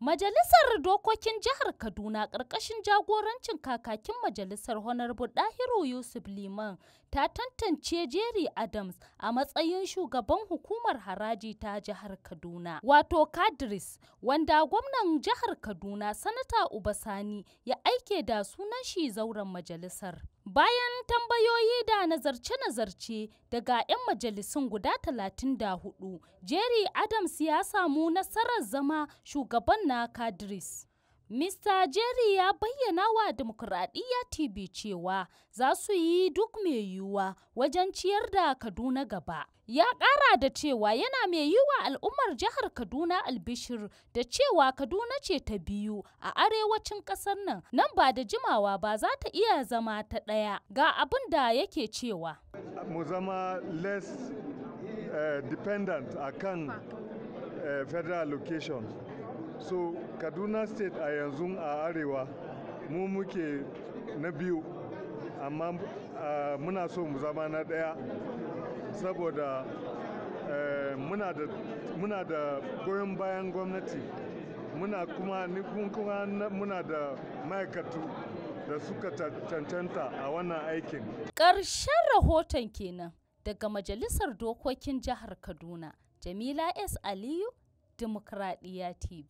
Majalisar Dokokin Jihar Kaduna ƙarƙashin jagorancin kakakin Majalisar Honorable Dahiru Yusuf Liman ta tantance Jerry Adams a matsayin shugaban hukumar haraji ta jihar Kaduna. Wato Kadris, wanda gwamnan jihar Kaduna Sanata Ubasani ya aike da sunan shi zauren majalisar. Bayan tambayoyi da nazarce-nazarce daga 'yan majalisun guda 34, Jerry Adams ya samu nasarar zama shugaban na cadres. Mr. Jerry ya bayyana wa Demokuraɗiyya TV cewa za su yi duk mai yiwuwa wajen ciyar da Kaduna gaba. Ya ƙara da cewa yana mai yiwuwa al'ummar jihar Kaduna albishir da cewa Kaduna ce ta biyu a arewacin ƙasar nan nan ba da jimawa ba za ta iya zama ta ɗaya ga abin da yake cewa. Mu zama less uh, dependent akan Eh, federal location so kaduna state a yanzu a arewa mu muke na biyu amma eh, muna so mu zama na ɗaya saboda eh, muna da goyon bayan gwamnati muna kuma kuma muna da ma'aikatu da suka cancanta a wannan aikin ƙarshen rahoton kenan daga majalisar dokokin jihar kaduna jamila s aliyu Dimokuraɗiyya TV